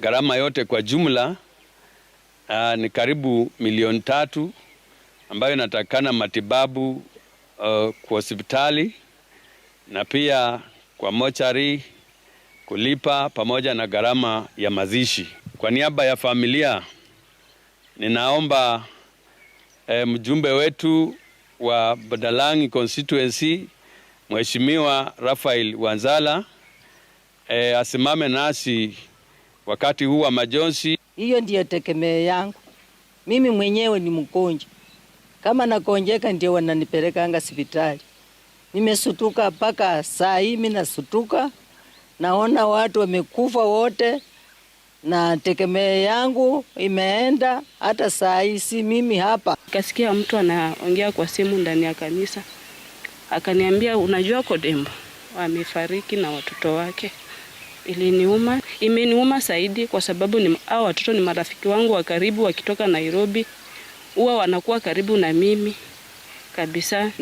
Gharama yote kwa jumla uh, ni karibu milioni tatu ambayo inatakana matibabu uh, kwa hospitali na pia kwa mochari kulipa pamoja na gharama ya mazishi. Kwa niaba ya familia ninaomba eh, mjumbe wetu wa Budalangi constituency Mheshimiwa Rafael Wanzala eh, asimame nasi wakati huu wa majonzi. Hiyo ndiyo tegemeo yangu. Mimi mwenyewe ni mgonjwa, kama nakonjeka ndio wananipelekanga sipitali. Nimesutuka mpaka saa hii, mimi nasutuka, naona watu wamekufa wote, na tegemeo yangu imeenda. Hata saa hii si mimi hapa. Kasikia mtu anaongea kwa simu ndani ya kanisa, akaniambia unajua Kodembo amefariki na watoto wake iliniuma, imeniuma zaidi kwa sababu ni hao watoto ni marafiki wangu wa karibu, wakitoka Nairobi huwa wanakuwa karibu na mimi kabisa.